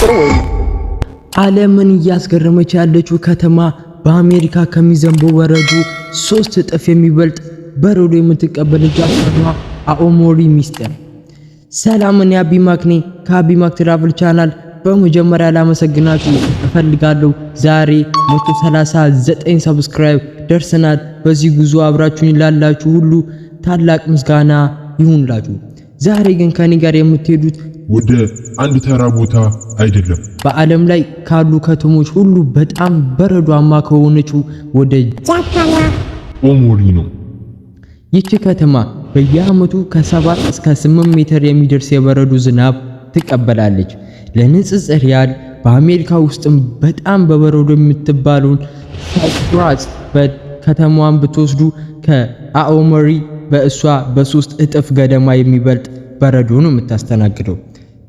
የሚቆጠረው ወይ ዓለምን እያስገረመች ያለችው ከተማ በአሜሪካ ከሚዘንበው ወረዱ ሶስት እጥፍ የሚበልጥ በረዶ የምትቀበል ጃፓኗ አኦሞሪ ሚስጥር። ሰላም፣ እኔ አቢ ከአቢማክ ትራቭል ቻናል። በመጀመሪያ ላመሰግናችሁ እፈልጋለሁ። ዛሬ 139 ሰብስክራይብ ደርሰናል። በዚህ ጉዞ አብራችሁኝ ላላችሁ ሁሉ ታላቅ ምስጋና ይሁንላችሁ። ዛሬ ግን ከኔ ጋር የምትሄዱት ወደ አንድ ተራ ቦታ አይደለም፣ በዓለም ላይ ካሉ ከተሞች ሁሉ በጣም በረዷማ ከሆነችው ወደ ጃካላ ኦሞሪ ነው። ይቺ ከተማ በየዓመቱ ከ7 እስከ 8 ሜትር የሚደርስ የበረዶ ዝናብ ትቀበላለች። ለንጽጽር ያህል በአሜሪካ ውስጥም በጣም በበረዶ የምትባለውን ሳይፕራስበት ከተማዋን ብትወስዱ ከአኦመሪ በእሷ በሶስት እጥፍ ገደማ የሚበልጥ በረዶ ነው የምታስተናግደው።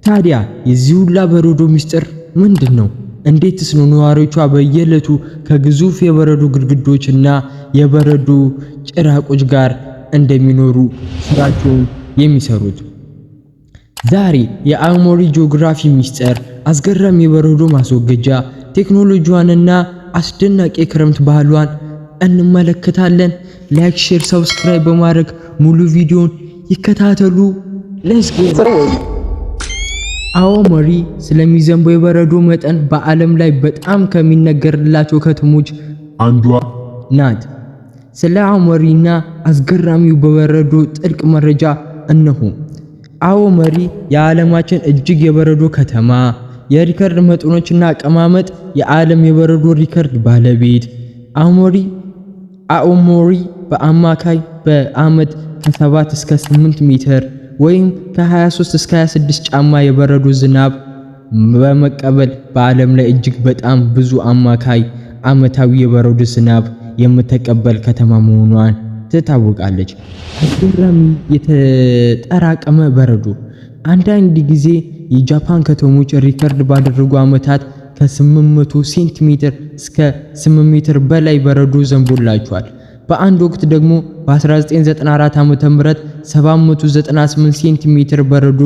ታዲያ የዚህ ሁላ በረዶ ምስጢር ምንድን ነው? እንዴትስ ነው ነዋሪዎቿ በየዕለቱ ከግዙፍ የበረዶ ግድግዳዎችና የበረዶ ጭራቆች ጋር እንደሚኖሩ ስራቸውን የሚሰሩት? ዛሬ የአሞሪ ጂኦግራፊ ሚስጥር፣ አስገራሚ የበረዶ ማስወገጃ ቴክኖሎጂዋንና አስደናቂ የክረምት ባህሏን እንመለከታለን። ላይክ፣ ሼር፣ ሰብስክራይብ በማድረግ ሙሉ ቪዲዮን ይከታተሉ። አዎ መሪ ስለሚዘንበው የበረዶ መጠን በዓለም ላይ በጣም ከሚነገርላቸው ከተሞች አንዷ ናት። ስለ አሞሪና አስገራሚው በበረዶ ጥልቅ መረጃ እነሆ። አዎ መሪ የዓለማችን እጅግ የበረዶ ከተማ፣ የሪከርድ መጠኖችና አቀማመጥ፣ የዓለም የበረዶ ሪከርድ ባለቤት አሞሪ አኦሞሪ በአማካይ በዓመት ከ7 እስከ 8 ሜትር ወይም ከ23 እስከ 26 ጫማ የበረዶ ዝናብ በመቀበል በዓለም ላይ እጅግ በጣም ብዙ አማካይ ዓመታዊ የበረዶ ዝናብ የምትቀበል ከተማ መሆኗን ትታወቃለች። አስገራሚ የተጠራቀመ በረዶ አንዳንድ ጊዜ የጃፓን ከተሞች ሪከርድ ባደረጉ ዓመታት ከ800 ሴንቲሜትር እስከ 8 ሜትር በላይ በረዶ ዘንቦላቸዋል። በአንድ ወቅት ደግሞ በ1994 ዓ.ም 798 ሴንቲሜትር በረዶ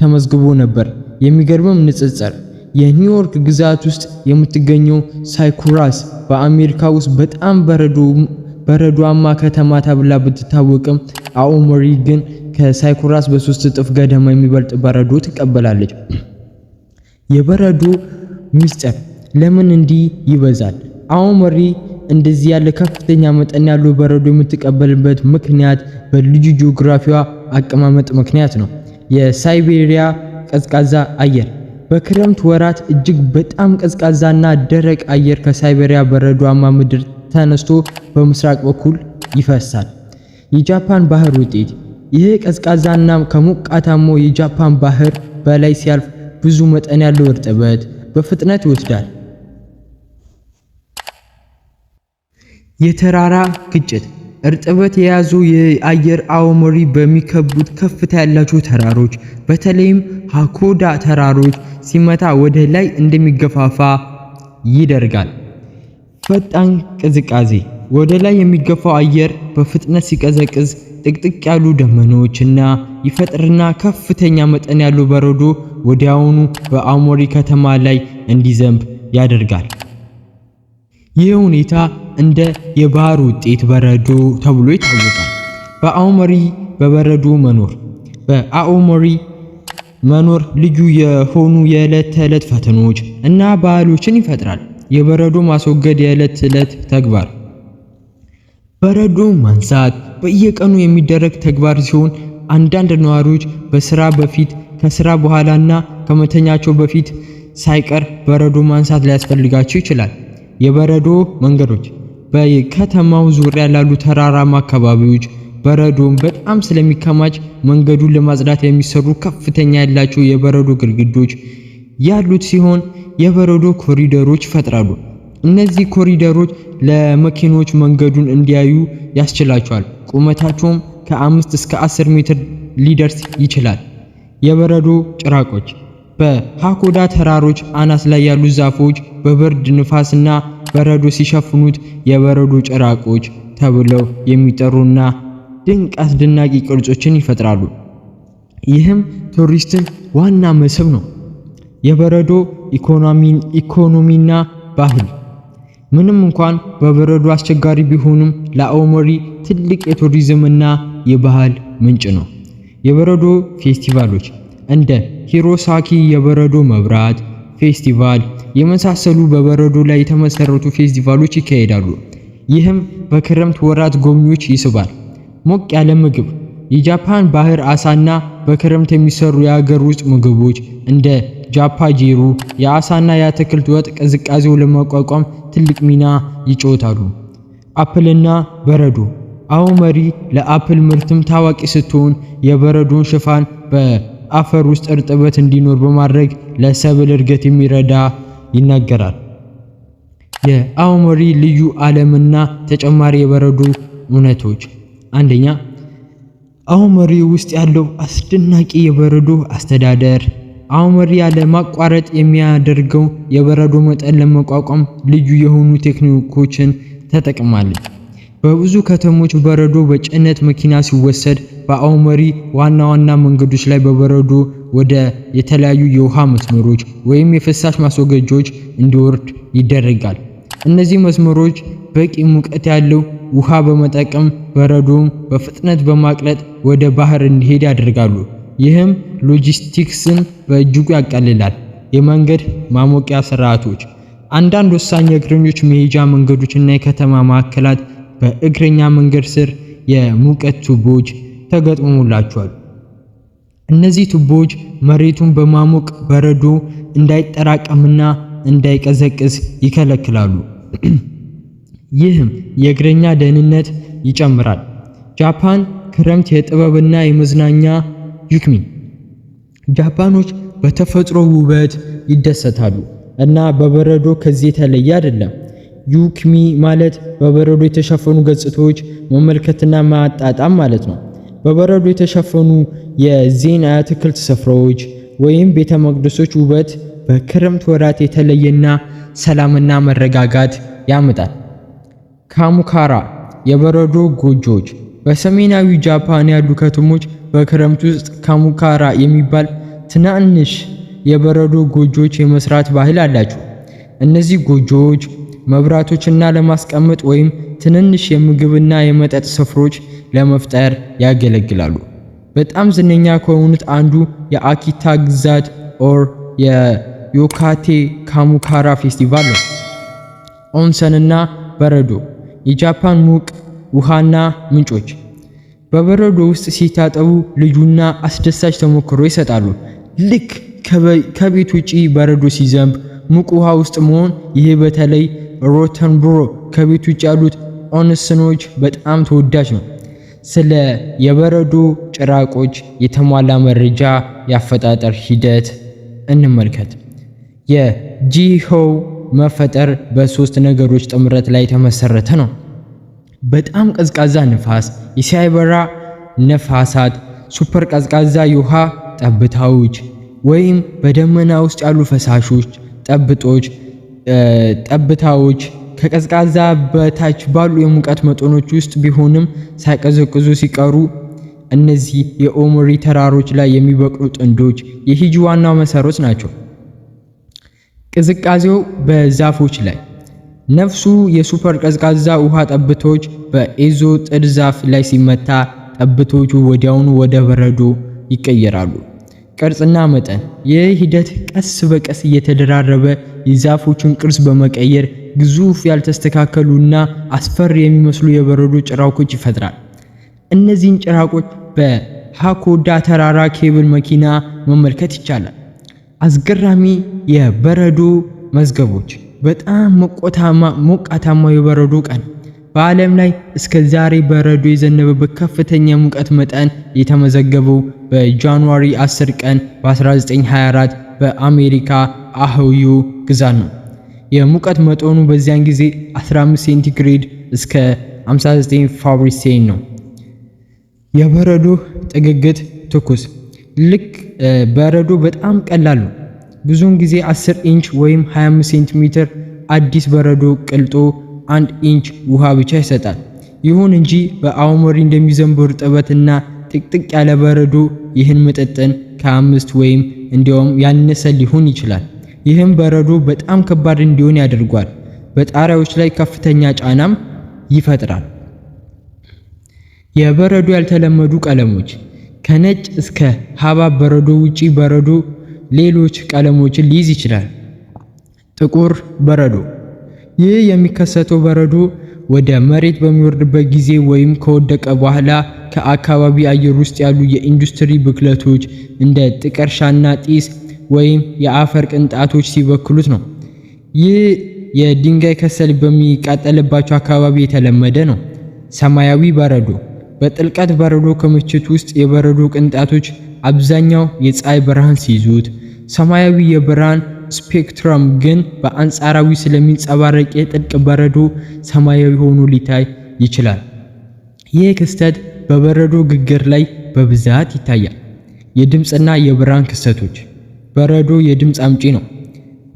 ተመዝግቦ ነበር። የሚገርምም ንጽጽር የኒውዮርክ ግዛት ውስጥ የምትገኘው ሳይኩራስ በአሜሪካ ውስጥ በጣም በረዶማ ከተማ ተብላ ብትታወቅም አኦሞሪ ግን ከሳይኩራስ በሶስት እጥፍ ገደማ የሚበልጥ በረዶ ትቀበላለች። የበረዶ ሚስጥር ለምን እንዲህ ይበዛል? አኦሞሪ እንደዚህ ያለ ከፍተኛ መጠን ያለው በረዶ የምትቀበልበት ምክንያት በልዩ ጂኦግራፊዋ አቀማመጥ ምክንያት ነው። የሳይቤሪያ ቀዝቃዛ አየር በክረምት ወራት እጅግ በጣም ቀዝቃዛና ደረቅ አየር ከሳይቤሪያ በረዷማ ምድር ተነስቶ በምስራቅ በኩል ይፈሳል። የጃፓን ባህር ውጤት ይህ ቀዝቃዛና ከሞቃታማው የጃፓን ባህር በላይ ሲያልፍ ብዙ መጠን ያለው እርጥበት በፍጥነት ይወስዳል። የተራራ ግጭት እርጥበት የያዙ የአየር አውሞሪ በሚከቡት ከፍታ ያላቸው ተራሮች በተለይም ሃኮዳ ተራሮች ሲመታ ወደ ላይ እንደሚገፋፋ ይደርጋል። ፈጣን ቅዝቃዜ ወደ ላይ የሚገፋው አየር በፍጥነት ሲቀዘቅዝ ጥቅጥቅ ያሉ ደመናዎችና ይፈጥርና ከፍተኛ መጠን ያለው በረዶ ወዲያውኑ በአውሞሪ ከተማ ላይ እንዲዘንብ ያደርጋል። ይህ ሁኔታ እንደ የባህር ውጤት በረዶ ተብሎ ይታወቃል። በአኦሞሪ በበረዶ መኖር በአኦሞሪ መኖር ልዩ የሆኑ የዕለት ተዕለት ፈተናዎች እና ባህሎችን ይፈጥራል። የበረዶ ማስወገድ የዕለት ተዕለት ተግባር በረዶ ማንሳት በየቀኑ የሚደረግ ተግባር ሲሆን አንዳንድ ነዋሪዎች በስራ በፊት ከስራ በኋላና ከመተኛቸው በፊት ሳይቀር በረዶ ማንሳት ሊያስፈልጋቸው ይችላል። የበረዶ መንገዶች በከተማው ዙሪያ ላሉ ተራራማ አካባቢዎች በረዶም በጣም ስለሚከማች መንገዱን ለማጽዳት የሚሰሩ ከፍተኛ ያላቸው የበረዶ ግድግዳዎች ያሉት ሲሆን የበረዶ ኮሪደሮች ይፈጥራሉ። እነዚህ ኮሪደሮች ለመኪኖች መንገዱን እንዲያዩ ያስችላቸዋል። ቁመታቸውም ከ5 እስከ 10 ሜትር ሊደርስ ይችላል። የበረዶ ጭራቆች በሃኮዳ ተራሮች አናት ላይ ያሉ ዛፎች በብርድ ንፋስና በረዶ ሲሸፍኑት የበረዶ ጭራቆች ተብለው የሚጠሩና ድንቅ አስደናቂ ቅርጾችን ይፈጥራሉ። ይህም ቱሪስትን ዋና መስህብ ነው። የበረዶ ኢኮኖሚና ባህል ምንም እንኳን በበረዶ አስቸጋሪ ቢሆንም ላኦሞሪ ትልቅ የቱሪዝምና የባህል ምንጭ ነው። የበረዶ ፌስቲቫሎች እንደ ሂሮሳኪ የበረዶ መብራት ፌስቲቫል የመሳሰሉ በበረዶ ላይ የተመሰረቱ ፌስቲቫሎች ይካሄዳሉ። ይህም በክረምት ወራት ጎብኚዎች ይስባል። ሞቅ ያለ ምግብ የጃፓን ባህር አሳና በክረምት የሚሰሩ የሀገር ውስጥ ምግቦች እንደ ጃፓ ጂሩ፣ የአሳና የአትክልት ወጥ ቅዝቃዜው ለመቋቋም ትልቅ ሚና ይጫወታሉ። አፕልና በረዶ መሪ ለአፕል ምርትም ታዋቂ ስትሆን የበረዶን ሽፋን በአፈር ውስጥ እርጥበት እንዲኖር በማድረግ ለሰብል እድገት የሚረዳ ይናገራል። የአኦሞሪ ልዩ ዓለምና ተጨማሪ የበረዶ እውነቶች አንደኛ አኦሞሪ ውስጥ ያለው አስደናቂ የበረዶ አስተዳደር አኦሞሪ ያለ ማቋረጥ የሚያደርገው የበረዶ መጠን ለመቋቋም ልዩ የሆኑ ቴክኒኮችን ተጠቅማለች። በብዙ ከተሞች በረዶ በጭነት መኪና ሲወሰድ፣ በአኦሞሪ ዋና ዋና መንገዶች ላይ በበረዶ ወደ የተለያዩ የውሃ መስመሮች ወይም የፍሳሽ ማስወገጃዎች እንዲወርድ ይደረጋል። እነዚህ መስመሮች በቂ ሙቀት ያለው ውሃ በመጠቀም በረዶም በፍጥነት በማቅለጥ ወደ ባህር እንዲሄድ ያደርጋሉ። ይህም ሎጂስቲክስን በእጅጉ ያቀልላል። የመንገድ ማሞቂያ ስርዓቶች፣ አንዳንድ ወሳኝ የእግረኞች መሄጃ መንገዶች እና የከተማ ማዕከላት በእግረኛ መንገድ ስር የሙቀት ቱቦዎች ተገጥሞላቸዋል። እነዚህ ቱቦዎች መሬቱን በማሞቅ በረዶ እንዳይጠራቀምና እንዳይቀዘቅዝ ይከለክላሉ። ይህም የእግረኛ ደህንነት ይጨምራል። ጃፓን ክረምት የጥበብና የመዝናኛ ዩክሚ ጃፓኖች በተፈጥሮ ውበት ይደሰታሉ እና በበረዶ ከዚህ የተለየ አይደለም። ዩክሚ ማለት በበረዶ የተሸፈኑ ገጽታዎች መመልከትና ማጣጣም ማለት ነው። በበረዶ የተሸፈኑ የዜን አትክልት ስፍራዎች ወይም ቤተ መቅደሶች ውበት በክረምት ወራት የተለየና ሰላምና መረጋጋት ያመጣል። ካሙካራ የበረዶ ጎጆዎች በሰሜናዊ ጃፓን ያሉ ከተሞች በክረምት ውስጥ ካሙካራ የሚባል ትናንሽ የበረዶ ጎጆዎች የመስራት ባህል አላቸው። እነዚህ ጎጆዎች መብራቶችና ለማስቀመጥ ወይም ትንንሽ የምግብና የመጠጥ ስፍሮች ለመፍጠር ያገለግላሉ። በጣም ዝነኛ ከሆኑት አንዱ የአኪታ ግዛት ኦር የዮካቴ ካሙካራ ፌስቲቫል ነው። ኦንሰንና በረዶ የጃፓን ሙቅ ውሃና ምንጮች በበረዶ ውስጥ ሲታጠቡ ልዩና አስደሳች ተሞክሮ ይሰጣሉ። ልክ ከቤት ውጪ በረዶ ሲዘንብ ሙቅ ውሃ ውስጥ መሆን፣ ይህ በተለይ ሮተንብሮ ከቤት ውጭ ያሉት ኦንስኖች በጣም ተወዳጅ ነው። ስለ የበረዶ ጭራቆች የተሟላ መረጃ የአፈጣጠር ሂደት እንመልከት። የጂሆ መፈጠር በሶስት ነገሮች ጥምረት ላይ የተመሰረተ ነው። በጣም ቀዝቃዛ ንፋስ፣ የሳይበራ ነፋሳት፣ ሱፐር ቀዝቃዛ የውሃ ጠብታዎች ወይም በደመና ውስጥ ያሉ ፈሳሾች ጠብጦች ጠብታዎች ከቀዝቃዛ በታች ባሉ የሙቀት መጠኖች ውስጥ ቢሆንም ሳይቀዘቅዙ ሲቀሩ እነዚህ የኦሞሪ ተራሮች ላይ የሚበቅሉ ጥንዶች የሂጂ ዋናው መሰሮች ናቸው። ቅዝቃዜው በዛፎች ላይ ነፍሱ የሱፐር ቀዝቃዛ ውሃ ጠብቶች በኤዞ ጥድ ዛፍ ላይ ሲመታ ጠብቶቹ ወዲያውኑ ወደ በረዶ ይቀየራሉ። ቅርጽና መጠን ይህ ሂደት ቀስ በቀስ እየተደራረበ የዛፎቹን ቅርጽ በመቀየር ግዙፍ ያልተስተካከሉና አስፈር የሚመስሉ የበረዶ ጭራቆች ይፈጥራል። እነዚህን ጭራቆች በሃኮዳ ተራራ ኬብል መኪና መመልከት ይቻላል። አስገራሚ የበረዶ መዝገቦች በጣም ሞቃታማ የበረዶ ቀን በዓለም ላይ እስከ ዛሬ በረዶ የዘነበበት ከፍተኛ ሙቀት መጠን የተመዘገበው በጃንዋሪ 10 ቀን በ1924 በአሜሪካ አህዩ ግዛት ነው። የሙቀት መጠኑ በዚያን ጊዜ 15 ሴንቲግሬድ እስከ 59 ፋብሪሴን ነው። የበረዶ ጥግግት ትኩስ ልክ በረዶ በጣም ቀላሉ ብዙውን ጊዜ 10 ኢንች ወይም 25 ሴንቲሜትር አዲስ በረዶ ቀልጦ አንድ ኢንች ውሃ ብቻ ይሰጣል። ይሁን እንጂ በአውሞሪ እንደሚዘንብ እርጥበትና ጥቅጥቅ ያለ በረዶ ይህን መጠጥን ከአምስት ወይም እንዲያውም ያነሰ ሊሆን ይችላል። ይህም በረዶ በጣም ከባድ እንዲሆን ያደርጓል። በጣሪያዎች ላይ ከፍተኛ ጫናም ይፈጥራል። የበረዶ ያልተለመዱ ቀለሞች ከነጭ እስከ ሀባብ በረዶ ውጪ በረዶ ሌሎች ቀለሞችን ሊይዝ ይችላል። ጥቁር በረዶ ይህ የሚከሰተው በረዶ ወደ መሬት በሚወርድበት ጊዜ ወይም ከወደቀ በኋላ ከአካባቢ አየር ውስጥ ያሉ የኢንዱስትሪ ብክለቶች እንደ ጥቀርሻና ጢስ ወይም የአፈር ቅንጣቶች ሲበክሉት ነው። ይህ የድንጋይ ከሰል በሚቃጠልባቸው አካባቢ የተለመደ ነው። ሰማያዊ በረዶ በጥልቀት በረዶ ክምችት ውስጥ የበረዶ ቅንጣቶች አብዛኛው የፀሐይ ብርሃን ሲይዙት ሰማያዊ የብርሃን ስፔክትረም ግን በአንጻራዊ ስለሚንጸባረቅ የጥልቅ በረዶ ሰማያዊ ሆኖ ሊታይ ይችላል። ይህ ክስተት በበረዶ ግግር ላይ በብዛት ይታያል። የድምፅና የብርሃን ክስተቶች በረዶ የድምፅ አምጪ ነው።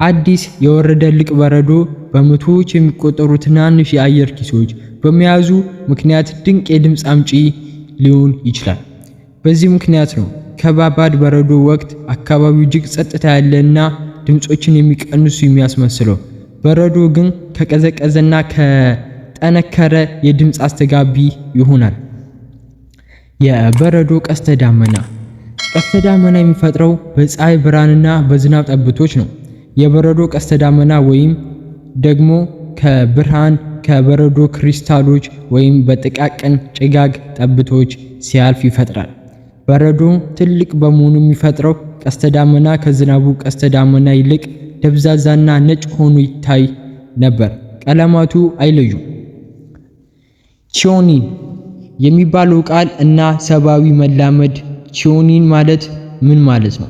አዲስ የወረደ ልቅ በረዶ በመቶዎች የሚቆጠሩ ትናንሽ የአየር ኪሶች በመያዙ ምክንያት ድንቅ የድምፅ አምጪ ሊሆን ይችላል። በዚህ ምክንያት ነው ከባባድ በረዶ ወቅት አካባቢው እጅግ ጸጥታ እና። ድምፆችን የሚቀንሱ የሚያስመስለው። በረዶ ግን ከቀዘቀዘና ከጠነከረ የድምፅ አስተጋቢ ይሆናል። የበረዶ ቀስተ ዳመና ቀስተ ዳመና የሚፈጥረው በፀሐይ ብርሃንና በዝናብ ጠብቶች ነው። የበረዶ ቀስተ ዳመና ወይም ደግሞ ከብርሃን ከበረዶ ክሪስታሎች ወይም በጥቃቅን ጭጋግ ጠብቶች ሲያልፍ ይፈጥራል። በረዶ ትልቅ በመሆኑ የሚፈጥረው ቀስተ ዳመና ከዝናቡ ቀስተ ዳመና ይልቅ ደብዛዛና ነጭ ሆኖ ይታይ ነበር። ቀለማቱ አይለዩም። ቺዮኒን የሚባለው ቃል እና ሰብአዊ መላመድ ቺዮኒን ማለት ምን ማለት ነው?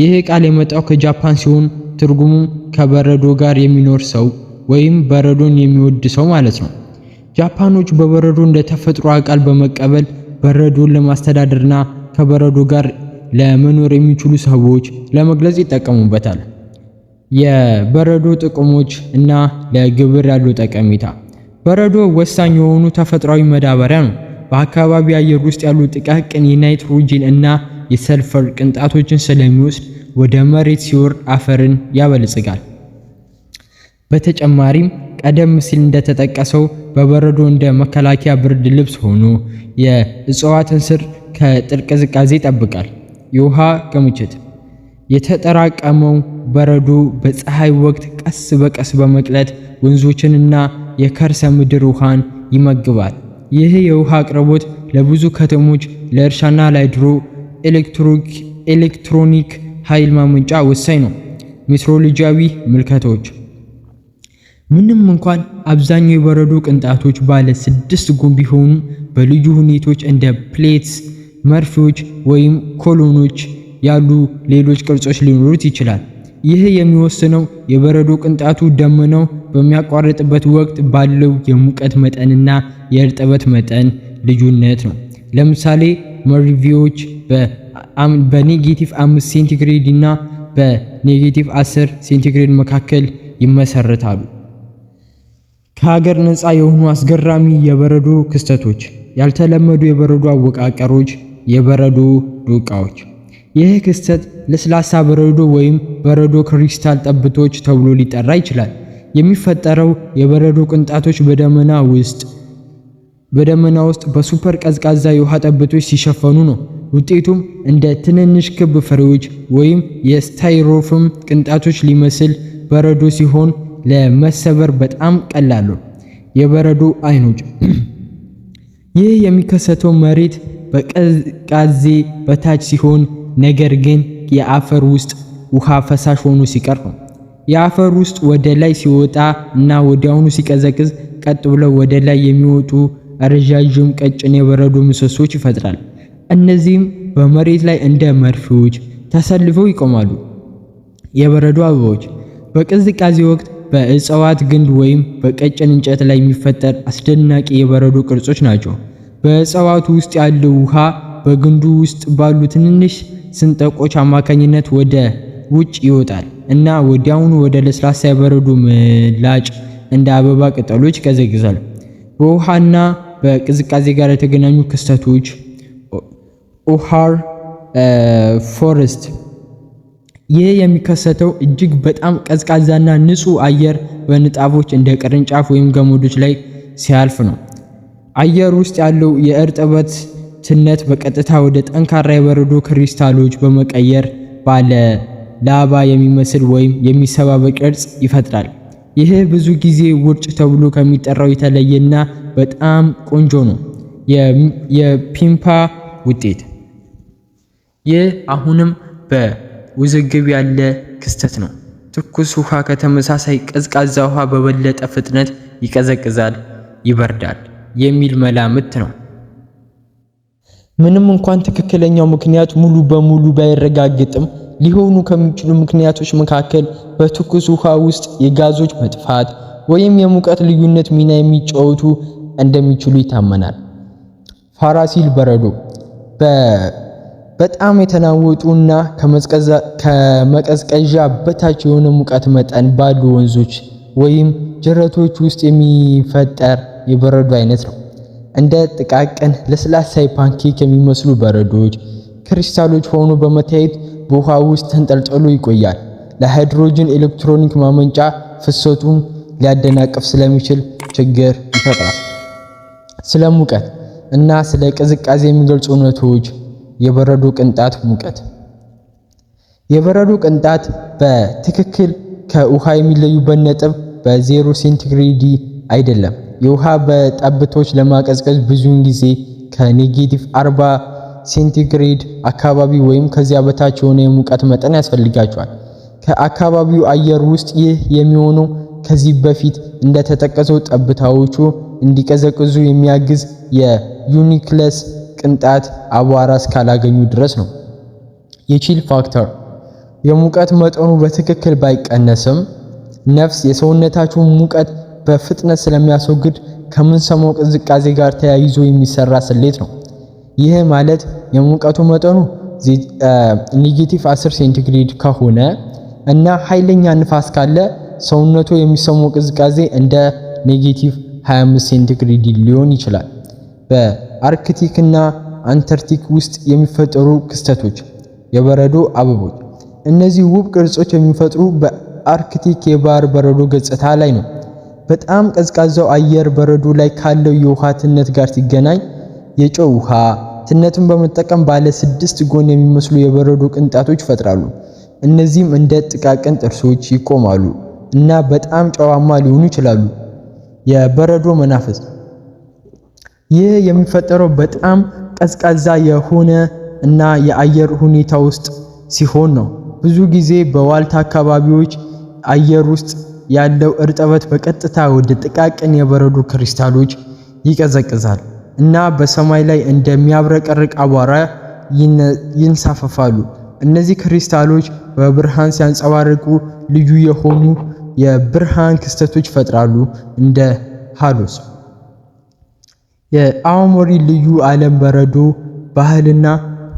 ይህ ቃል የመጣው ከጃፓን ሲሆን ትርጉሙ ከበረዶ ጋር የሚኖር ሰው ወይም በረዶን የሚወድ ሰው ማለት ነው። ጃፓኖች በበረዶ እንደ ተፈጥሮ አቃል በመቀበል በረዶን ለማስተዳደርና ከበረዶ ጋር ለመኖር የሚችሉ ሰዎች ለመግለጽ ይጠቀሙበታል። የበረዶ ጥቅሞች እና ለግብር ያለው ጠቀሜታ በረዶ ወሳኝ የሆኑ ተፈጥሯዊ መዳበሪያ ነው። በአካባቢ አየር ውስጥ ያሉ ጥቃቅን የናይትሮጂን እና የሰልፈር ቅንጣቶችን ስለሚወስድ ወደ መሬት ሲወርድ አፈርን ያበለጽጋል። በተጨማሪም ቀደም ሲል እንደተጠቀሰው በበረዶ እንደ መከላከያ ብርድ ልብስ ሆኖ የእጽዋትን ስር ከጥልቅ ቅዝቃዜ ይጠብቃል። የውሃ ክምችት የተጠራቀመው በረዶ በፀሐይ ወቅት ቀስ በቀስ በመቅለት ወንዞችንና የከርሰ ምድር ውሃን ይመግባል። ይህ የውሃ አቅርቦት ለብዙ ከተሞች ለእርሻና ለሃይድሮ ኤሌክትሮኒክ ኃይል ማመንጫ ወሳኝ ነው። ሜትሮሎጂያዊ ምልከታዎች ምንም እንኳን አብዛኛው የበረዶ ቅንጣቶች ባለ ስድስት ጎን ቢሆኑ በልዩ ሁኔታዎች እንደ ፕሌትስ መርፌዎች ወይም ኮሎኖች ያሉ ሌሎች ቅርጾች ሊኖሩት ይችላል። ይህ የሚወሰነው የበረዶ ቅንጣቱ ደመናው በሚያቋርጥበት ወቅት ባለው የሙቀት መጠንና የእርጥበት መጠን ልዩነት ነው። ለምሳሌ መርፌዎች በኔጌቲቭ 5 ሴንቲግሬድ እና በኔጌቲቭ 10 ሴንቲግሬድ መካከል ይመሰረታሉ። ከሀገር ነፃ የሆኑ አስገራሚ የበረዶ ክስተቶች፣ ያልተለመዱ የበረዶ አወቃቀሮች፣ የበረዶ ዶቃዎች። ይህ ክስተት ለስላሳ በረዶ ወይም በረዶ ክሪስታል ጠብቶች ተብሎ ሊጠራ ይችላል። የሚፈጠረው የበረዶ ቅንጣቶች በደመና ውስጥ በደመና ውስጥ በሱፐር ቀዝቃዛ የውሃ ጠብቶች ሲሸፈኑ ነው። ውጤቱም እንደ ትንንሽ ክብ ፍሬዎች ወይም የስታይሮፍም ቅንጣቶች ሊመስል በረዶ ሲሆን ለመሰበር በጣም ቀላሉ የበረዶ አይኖች ይህ የሚከሰተው መሬት በቅዝቃዜ በታች ሲሆን ነገር ግን የአፈር ውስጥ ውሃ ፈሳሽ ሆኖ ሲቀር ነው። የአፈር ውስጥ ወደ ላይ ሲወጣ እና ወዲያውኑ ሲቀዘቅዝ ቀጥ ብለው ወደ ላይ የሚወጡ ረዣዥም ቀጭን የበረዶ ምሰሶች ይፈጥራል። እነዚህም በመሬት ላይ እንደ መርፌዎች ተሰልፈው ይቆማሉ። የበረዶ አበባዎች በቅዝቃዜ ወቅት በእጽዋት ግንድ ወይም በቀጭን እንጨት ላይ የሚፈጠር አስደናቂ የበረዶ ቅርጾች ናቸው። በእጽዋቱ ውስጥ ያለው ውሃ በግንዱ ውስጥ ባሉ ትንንሽ ስንጠቆች አማካኝነት ወደ ውጭ ይወጣል እና ወዲያውኑ ወደ ለስላሳ የበረዶ ምላጭ እንደ አበባ ቅጠሎች ይቀዘግዛል። በውሃና በቅዝቃዜ ጋር የተገናኙ ክስተቶች ኦሃር ፎረስት። ይህ የሚከሰተው እጅግ በጣም ቀዝቃዛና ንጹህ አየር በንጣፎች እንደ ቅርንጫፍ ወይም ገመዶች ላይ ሲያልፍ ነው። አየር ውስጥ ያለው የእርጥበት ትነት በቀጥታ ወደ ጠንካራ የበረዶ ክሪስታሎች በመቀየር ባለ ላባ የሚመስል ወይም የሚሰባበር ቅርጽ ይፈጥራል። ይህ ብዙ ጊዜ ውርጭ ተብሎ ከሚጠራው የተለየና በጣም ቆንጆ ነው። የፒምፓ ውጤት። ይህ አሁንም በውዝግብ ያለ ክስተት ነው። ትኩስ ውሃ ከተመሳሳይ ቀዝቃዛ ውሃ በበለጠ ፍጥነት ይቀዘቅዛል፣ ይበርዳል። የሚል መላምት ነው። ምንም እንኳን ትክክለኛው ምክንያት ሙሉ በሙሉ ባይረጋግጥም ሊሆኑ ከሚችሉ ምክንያቶች መካከል በትኩስ ውሃ ውስጥ የጋዞች መጥፋት ወይም የሙቀት ልዩነት ሚና የሚጫወቱ እንደሚችሉ ይታመናል። ፋራሲል በረዶ በጣም የተናወጡና እና ከመቀዝቀዣ በታች የሆነ ሙቀት መጠን ባሉ ወንዞች ወይም ጅረቶች ውስጥ የሚፈጠር የበረዶ አይነት ነው። እንደ ጥቃቅን ለስላሳ ፓንኬክ የሚመስሉ በረዶች ክሪስታሎች ሆኖ በመታየት በውሃ ውስጥ ተንጠልጥሎ ይቆያል። ለሃይድሮጅን ኤሌክትሮኒክ ማመንጫ ፍሰቱም ሊያደናቅፍ ስለሚችል ችግር ይፈጥራል። ስለ ሙቀት እና ስለ ቅዝቃዜ የሚገልጹ እውነቶች የበረዶ ቅንጣት ሙቀት የበረዶ ቅንጣት በትክክል ከውሃ የሚለዩበት ነጥብ በዜሮ ሴንቲግሬዲ አይደለም። የውሃ በጠብቶች ለማቀዝቀዝ ብዙውን ጊዜ ከኔጌቲቭ 40 ሴንቲግሬድ አካባቢ ወይም ከዚያ በታች የሆነ የሙቀት መጠን ያስፈልጋቸዋል። ከአካባቢው አየር ውስጥ ይህ የሚሆነው ከዚህ በፊት እንደተጠቀሰው ጠብታዎቹ እንዲቀዘቅዙ የሚያግዝ የዩኒክለስ ቅንጣት አቧራ እስካላገኙ ድረስ ነው። የቺል ፋክተር የሙቀት መጠኑ በትክክል ባይቀነስም ነፍስ የሰውነታችሁን ሙቀት በፍጥነት ስለሚያስወግድ ከምንሰማው ቅዝቃዜ ጋር ተያይዞ የሚሰራ ስሌት ነው። ይህ ማለት የሙቀቱ መጠኑ ኔጌቲቭ 10 ሴንቲግሬድ ከሆነ እና ኃይለኛ ንፋስ ካለ ሰውነቱ የሚሰማው ቅዝቃዜ እንደ ኔጌቲቭ 25 ሴንቲግሬድ ሊሆን ይችላል። በአርክቲክ እና አንታርክቲክ ውስጥ የሚፈጠሩ ክስተቶች የበረዶ አበቦች። እነዚህ ውብ ቅርጾች የሚፈጥሩ በአርክቲክ የባህር በረዶ ገጽታ ላይ ነው። በጣም ቀዝቃዛው አየር በረዶ ላይ ካለው የውሃ ትነት ጋር ሲገናኝ የጨው ውሃ ትነቱን በመጠቀም ባለ ስድስት ጎን የሚመስሉ የበረዶ ቅንጣቶች ይፈጥራሉ። እነዚህም እንደ ጥቃቅን ጥርሶች ይቆማሉ እና በጣም ጨዋማ ሊሆኑ ይችላሉ። የበረዶ መናፈስ ይህ የሚፈጠረው በጣም ቀዝቃዛ የሆነ እና የአየር ሁኔታ ውስጥ ሲሆን ነው። ብዙ ጊዜ በዋልታ አካባቢዎች አየር ውስጥ ያለው እርጥበት በቀጥታ ወደ ጥቃቅን የበረዶ ክሪስታሎች ይቀዘቅዛል እና በሰማይ ላይ እንደሚያብረቀርቅ አቧራ ይንሳፈፋሉ። እነዚህ ክሪስታሎች በብርሃን ሲያንጸባርቁ ልዩ የሆኑ የብርሃን ክስተቶች ይፈጥራሉ፣ እንደ ሃሎስ። የአዋሞሪ ልዩ ዓለም በረዶ ባህልና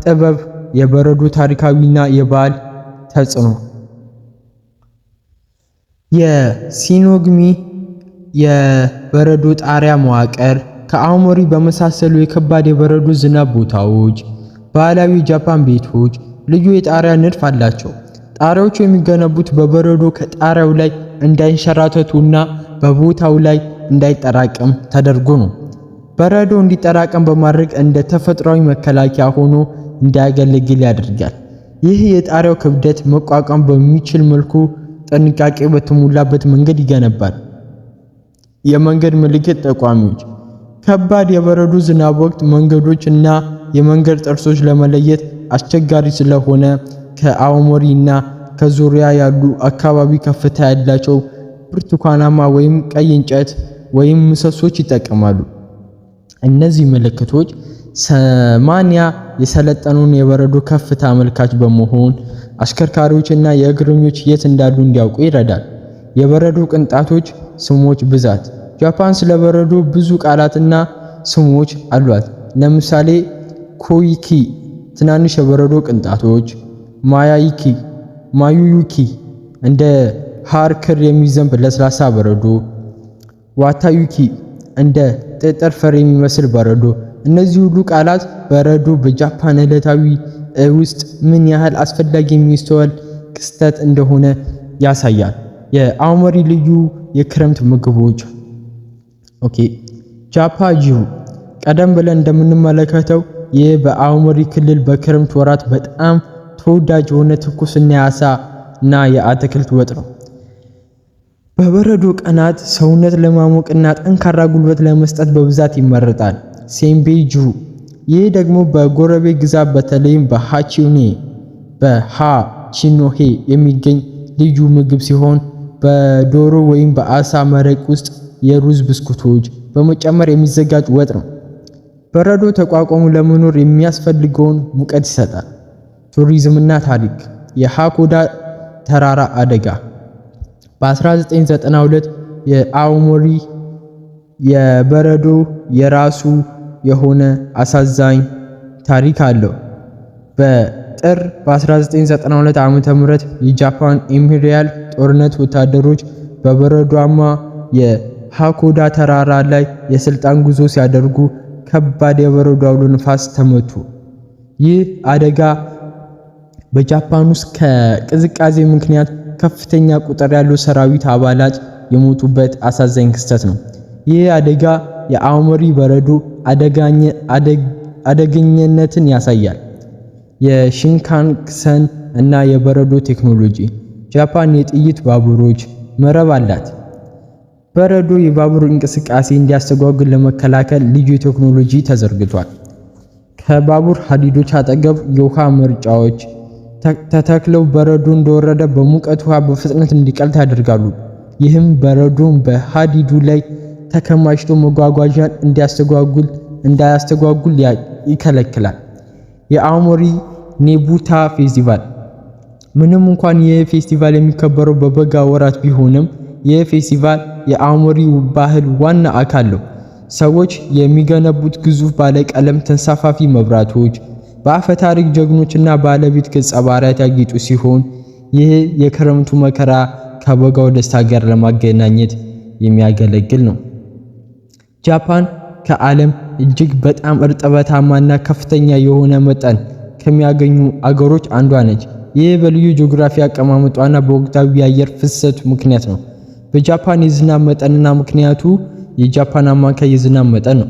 ጥበብ፣ የበረዶ ታሪካዊና የባህል ተጽዕኖ የሲኖግሚ የበረዶ ጣሪያ መዋቅር ከአሞሪ በመሳሰሉ የከባድ የበረዶ ዝናብ ቦታዎች ባህላዊ የጃፓን ቤቶች ልዩ የጣሪያ ንድፍ አላቸው። ጣሪያዎቹ የሚገነቡት በበረዶ ከጣሪያው ላይ እንዳይንሸራተቱና በቦታው ላይ እንዳይጠራቅም ተደርጎ ነው። በረዶ እንዲጠራቀም በማድረግ እንደ ተፈጥሯዊ መከላከያ ሆኖ እንዳያገለግል ያደርጋል። ይህ የጣሪያው ክብደት መቋቋም በሚችል መልኩ ጥንቃቄ በተሞላበት መንገድ ይገነባል። የመንገድ ምልክት ጠቋሚዎች ከባድ የበረዶ ዝናብ ወቅት መንገዶች እና የመንገድ ጠርሶች ለመለየት አስቸጋሪ ስለሆነ ከአኦሞሪ እና ከዙሪያ ያሉ አካባቢ ከፍታ ያላቸው ብርቱካናማ ወይም ቀይ እንጨት ወይም ምሰሶች ይጠቀማሉ። እነዚህ ምልክቶች ሰማንያ የሰለጠኑን የበረዶ ከፍታ መልካች በመሆን አሽከርካሪዎችና የእግረኞች የት እንዳሉ እንዲያውቁ ይረዳል። የበረዶ ቅንጣቶች ስሞች ብዛት ጃፓን ስለ በረዶ ብዙ ቃላትና ስሞች አሏት። ለምሳሌ ኮይኪ ትናንሽ የበረዶ ቅንጣቶች፣ ማያይኪ ማዩዩኪ እንደ ሃር ክር የሚዘንብ ለስላሳ በረዶ፣ ዋታዩኪ እንደ ጥጥር ፈር የሚመስል በረዶ እነዚህ ሁሉ ቃላት በረዶ በጃፓን ዕለታዊ ውስጥ ምን ያህል አስፈላጊ የሚስተዋል ክስተት እንደሆነ ያሳያል። የአኦሞሪ ልዩ የክረምት ምግቦች ኦኬ ጃፓ ቀደም ብለን እንደምንመለከተው ይህ በአኦሞሪ ክልል በክረምት ወራት በጣም ተወዳጅ የሆነ ትኩስና የአሳ እና የአትክልት ወጥ ነው። በበረዶ ቀናት ሰውነት ለማሞቅና ጠንካራ ጉልበት ለመስጠት በብዛት ይመረጣል። ሴምቤጁ። ይህ ደግሞ በጎረቤ ግዛት በተለይም በሃቺኔ ቺኖሄ የሚገኝ ልዩ ምግብ ሲሆን በዶሮ ወይም በአሳ መረቅ ውስጥ የሩዝ ብስኩቶች በመጨመር የሚዘጋጅ ወጥ ነው። በረዶ ተቋቋሙ ለመኖር የሚያስፈልገውን ሙቀት ይሰጣል። ቱሪዝምና ታሪክ የሃኮዳ ተራራ አደጋ በ1992 የአውሞሪ የበረዶ የራሱ የሆነ አሳዛኝ ታሪክ አለው። በጥር በ1992 ዓ.ም የጃፓን ኢምፔሪያል ጦርነት ወታደሮች በበረዷማ የሃኮዳ ተራራ ላይ የስልጣን ጉዞ ሲያደርጉ ከባድ የበረዶ አውሎ ንፋስ ተመቱ። ይህ አደጋ በጃፓን ውስጥ ከቅዝቃዜ ምክንያት ከፍተኛ ቁጥር ያለው ሰራዊት አባላት የሞቱበት አሳዛኝ ክስተት ነው። ይህ አደጋ የአኦሞሪ በረዶ አደገኝነትን ያሳያል። የሺንካንሰን እና የበረዶ ቴክኖሎጂ ጃፓን የጥይት ባቡሮች መረብ አላት። በረዶ የባቡር እንቅስቃሴ እንዲያስተጓጉል ለመከላከል ልዩ ቴክኖሎጂ ተዘርግቷል። ከባቡር ሀዲዶች አጠገብ የውሃ መርጫዎች ተተክለው በረዶ እንደወረደ በሙቀት ውሃ በፍጥነት እንዲቀልጥ ያደርጋሉ። ይህም በረዶን በሀዲዱ ላይ ተከማችቶ መጓጓዣን እንዲያስተጓጉል እንዳያስተጓጉል ይከለክላል። የአሞሪ ኔቡታ ፌስቲቫል ምንም እንኳን ይህ ፌስቲቫል የሚከበረው በበጋ ወራት ቢሆንም ይህ ፌስቲቫል የአሞሪ ባህል ዋና አካል ነው። ሰዎች የሚገነቡት ግዙፍ ባለቀለም ተንሳፋፊ መብራቶች በአፈታሪክ ጀግኖችና ባለቤት ገጸ ባህሪያት ያጌጡ ሲሆን ይህ የክረምቱ መከራ ከበጋው ደስታ ጋር ለማገናኘት የሚያገለግል ነው። ጃፓን ከዓለም እጅግ በጣም እርጥበታማና ከፍተኛ የሆነ መጠን ከሚያገኙ አገሮች አንዷ ነች። ይህ በልዩ ጂኦግራፊ አቀማመጧና በወቅታዊ የአየር ፍሰቱ ምክንያት ነው። በጃፓን የዝናብ መጠንና ምክንያቱ የጃፓን አማካይ የዝናብ መጠን ነው።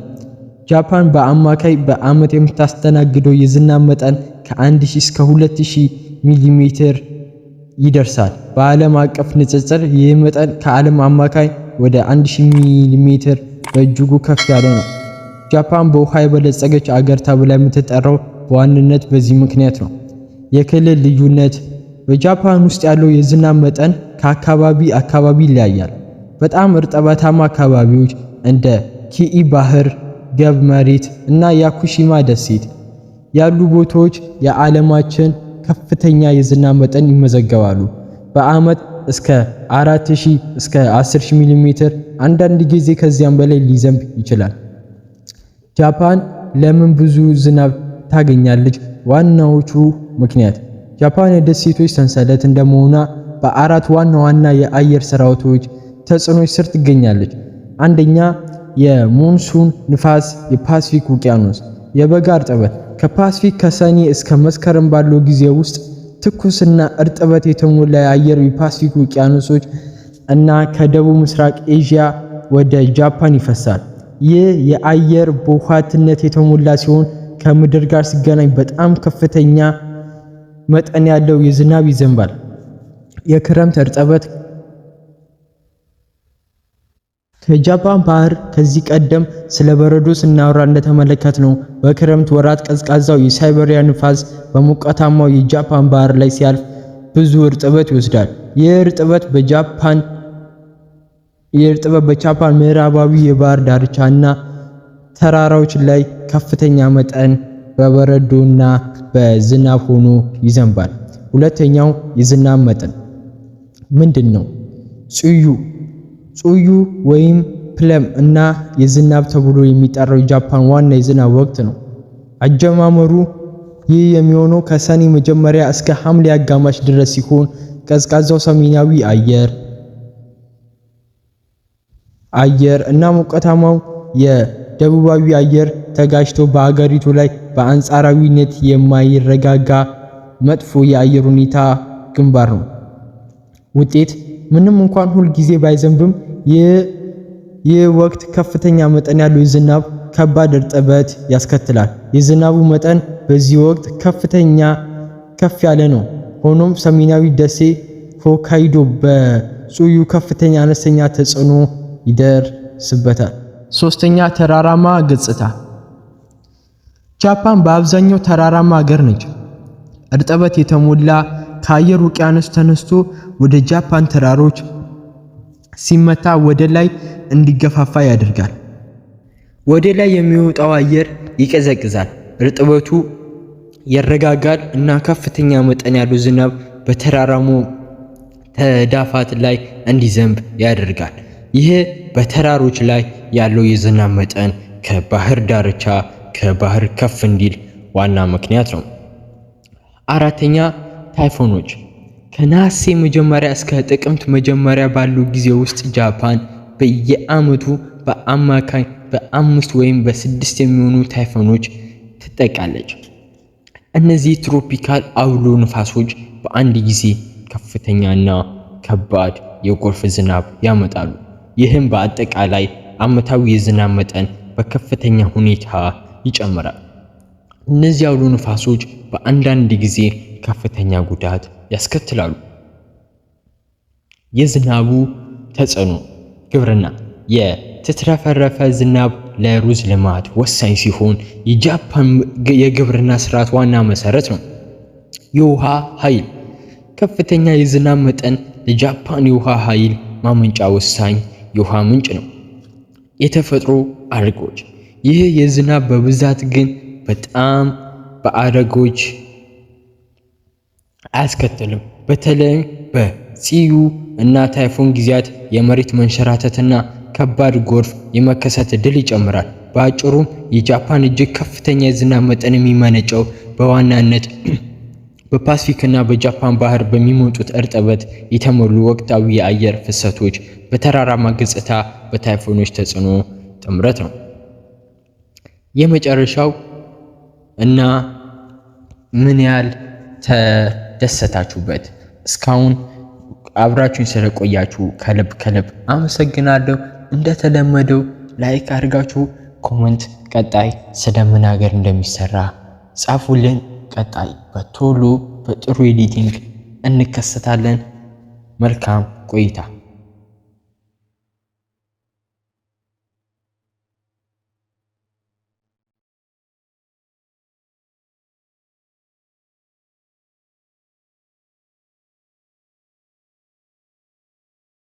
ጃፓን በአማካይ በዓመት የምታስተናግደው የዝናብ መጠን ከ1000 እስከ 2000 ሚሊሜትር ይደርሳል። በዓለም አቀፍ ንጽጽር ይህ መጠን ከዓለም አማካይ ወደ 1000 ሚሊሜትር በእጅጉ ከፍ ያለ ነው። ጃፓን በውሃ የበለጸገች አገር ተብላ የምትጠራው በዋንነት በዚህ ምክንያት ነው። የክልል ልዩነት በጃፓን ውስጥ ያለው የዝናብ መጠን ከአካባቢ አካባቢ ይለያያል። በጣም እርጥበታማ አካባቢዎች እንደ ኪኢ ባህር፣ ገብ መሬት እና ያኩሺማ ደሴት ያሉ ቦታዎች የዓለማችን ከፍተኛ የዝናብ መጠን ይመዘገባሉ። በዓመት እስከ 4000 እስከ 10000 ሚሊ ሜትር አንዳንድ ጊዜ ከዚያም በላይ ሊዘንብ ይችላል። ጃፓን ለምን ብዙ ዝናብ ታገኛለች? ዋናዎቹ ምክንያት ጃፓን የደሴቶች ሰንሰለት እንደመሆኗ በአራት ዋና ዋና የአየር ሰራዊቶች ተጽዕኖች ስር ትገኛለች። አንደኛ የሞንሱን ንፋስ የፓሲፊክ ውቅያኖስ የበጋ እርጥበት ከፓሲፊክ ከሰኔ እስከ መስከረም ባለው ጊዜ ውስጥ ትኩስና እርጥበት የተሞላ የአየር የፓሲፊክ ውቅያኖሶች እና ከደቡብ ምስራቅ ኤዥያ ወደ ጃፓን ይፈሳል። ይህ የአየር በውሃትነት የተሞላ ሲሆን ከምድር ጋር ሲገናኝ በጣም ከፍተኛ መጠን ያለው የዝናብ ይዘንባል። የክረምት እርጥበት ከጃፓን ባህር ከዚህ ቀደም ስለ በረዶ ስናወራ እንደተመለከት ነው በክረምት ወራት ቀዝቃዛው የሳይበሪያ ንፋስ በሞቃታማው የጃፓን ባህር ላይ ሲያልፍ ብዙ እርጥበት ይወስዳል። ይህ እርጥበት በጃፓን ይህ እርጥበት በጃፓን ምዕራባዊ የባህር ዳርቻ እና ተራራዎች ላይ ከፍተኛ መጠን በበረዶና በዝናብ ሆኖ ይዘንባል። ሁለተኛው የዝናብ መጠን ምንድን ነው? ጽዩ ጹዩ ወይም ፕለም እና የዝናብ ተብሎ የሚጠራው የጃፓን ዋና የዝናብ ወቅት ነው። አጀማመሩ ይህ የሚሆነው ከሰኔ መጀመሪያ እስከ ሐምሌ አጋማሽ ድረስ ሲሆን ቀዝቃዛው ሰሜናዊ አየር አየር እና ሞቃታማው የደቡባዊ አየር ተጋጭተው በአገሪቱ ላይ በአንጻራዊነት የማይረጋጋ መጥፎ የአየር ሁኔታ ግንባር ነው ውጤት ምንም እንኳን ሁል ጊዜ ባይዘንብም ይህ ወቅት ከፍተኛ መጠን ያለው ዝናብ ከባድ እርጥበት ያስከትላል። የዝናቡ መጠን በዚህ ወቅት ከፍተኛ ከፍ ያለ ነው። ሆኖም ሰሜናዊ ደሴ ሆካይዶ በጽዩ ከፍተኛ አነስተኛ ተጽዕኖ ይደርስበታል። ሶስተኛ ተራራማ ገጽታ። ጃፓን በአብዛኛው ተራራማ ሀገር ነች። እርጥበት የተሞላ ከአየር ውቅያኖስ ተነስቶ ወደ ጃፓን ተራሮች ሲመታ ወደ ላይ እንዲገፋፋ ያደርጋል። ወደ ላይ የሚወጣው አየር ይቀዘቅዛል፣ እርጥበቱ ይረጋጋል እና ከፍተኛ መጠን ያለው ዝናብ በተራራሙ ተዳፋት ላይ እንዲዘንብ ያደርጋል። ይህ በተራሮች ላይ ያለው የዝናብ መጠን ከባህር ዳርቻ ከባህር ከፍ እንዲል ዋና ምክንያት ነው። አራተኛ ታይፎኖች ከነሐሴ መጀመሪያ እስከ ጥቅምት መጀመሪያ ባለው ጊዜ ውስጥ ጃፓን በየዓመቱ በአማካይ በአምስት ወይም በስድስት የሚሆኑ ታይፎኖች ትጠቃለች። እነዚህ ትሮፒካል አውሎ ንፋሶች በአንድ ጊዜ ከፍተኛና ከባድ የጎርፍ ዝናብ ያመጣሉ። ይህም በአጠቃላይ ዓመታዊ የዝናብ መጠን በከፍተኛ ሁኔታ ይጨምራል። እነዚህ አውሎ ንፋሶች በአንዳንድ ጊዜ ከፍተኛ ጉዳት ያስከትላሉ። የዝናቡ ተጽዕኖ ግብርና የተትረፈረፈ ዝናብ ለሩዝ ልማት ወሳኝ ሲሆን የጃፓን የግብርና ስርዓት ዋና መሰረት ነው። የውሃ ኃይል ከፍተኛ የዝናብ መጠን ለጃፓን የውሃ ኃይል ማመንጫ ወሳኝ የውሃ ምንጭ ነው። የተፈጥሮ አደጋዎች ይህ የዝናብ በብዛት ግን በጣም በአደጋዎች አያስከትልም። በተለይም በጽዩ እና ታይፎን ጊዜያት የመሬት መንሸራተትና ከባድ ጎርፍ የመከሰት እድል ይጨምራል። በአጭሩም የጃፓን እጅግ ከፍተኛ የዝናብ መጠን የሚመነጨው በዋናነት በፓስፊክ እና በጃፓን ባህር በሚመጡት እርጥበት የተሞሉ ወቅታዊ የአየር ፍሰቶች በተራራማ ገጽታ በታይፎኖች ተጽዕኖ ጥምረት ነው። የመጨረሻው እና ምን ያህል ደሰታችሁበት። እስካሁን አብራችሁኝ ስለቆያችሁ ከልብ ከልብ አመሰግናለሁ። እንደተለመደው ላይክ አድርጋችሁ ኮመንት፣ ቀጣይ ስለምን ሀገር እንደሚሰራ ጻፉልን። ቀጣይ በቶሎ በጥሩ ኤዲቲንግ እንከሰታለን። መልካም ቆይታ